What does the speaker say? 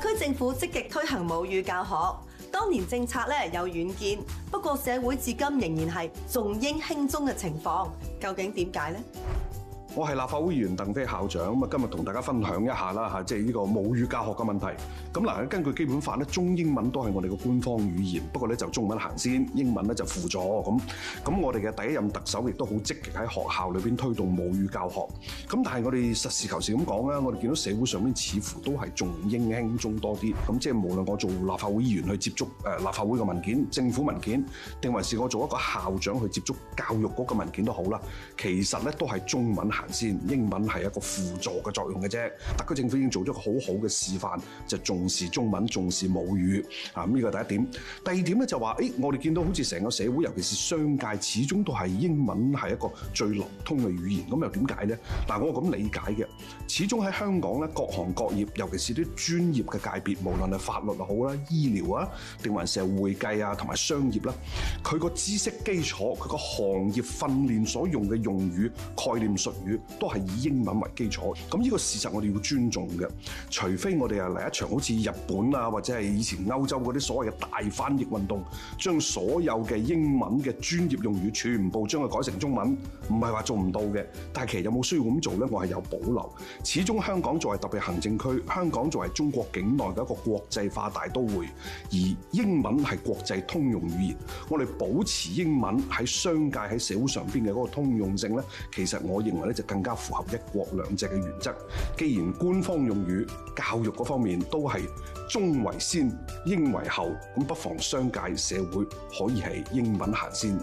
區政府積極推行母語教學，當年政策咧有遠見，不過社會至今仍然係重英輕中嘅情況，究竟點解呢？我係立法會議員鄧飛校長，咁啊今日同大家分享一下啦嚇，即係呢個母語教學嘅問題。咁嗱，根據基本法咧，中英文都係我哋嘅官方語言，不過咧就中文行先，英文咧就輔助咁。咁我哋嘅第一任特首亦都好積極喺學校裏面推動母語教學。咁但係我哋實事求是咁講啦，我哋見到社會上面似乎都係重英輕中多啲。咁即係無論我做立法會議員去接觸、呃、立法會嘅文件、政府文件，定還是我做一個校長去接觸教育局嘅文件都好啦，其實咧都係中文。先英文係一個輔助嘅作用嘅啫，特區政府已經做咗個好好嘅示範，就重視中文，重視母語啊。呢個第一點，第二點咧就話，誒，我哋見到好似成個社會，尤其是商界，始終都係英文係一個最流通嘅語言。咁又點解咧？嗱，我咁理解嘅，始終喺香港咧，各行各業，尤其是啲專業嘅界別，無論係法律又好啦、醫療啊，定還是係會計啊，同埋商業啦，佢個知識基礎、佢個行業訓練所用嘅用語、概念術語。都係以英文為基礎，咁呢個事實我哋要尊重嘅。除非我哋啊嚟一場好似日本啊，或者係以前歐洲嗰啲所謂嘅大翻譯運動，將所有嘅英文嘅專業用語全部將佢改成中文，唔係話做唔到嘅。但係其實有冇需要咁做咧？我係有保留。始終香港作為特別行政區，香港作為中國境內嘅一個國際化大都會，而英文係國際通用語言，我哋保持英文喺商界喺社會上邊嘅嗰個通用性咧，其實我認為咧。更加符合一國兩制嘅原則。既然官方用語、教育嗰方面都係中為先，英為後，咁不妨商界社會可以係英文行先。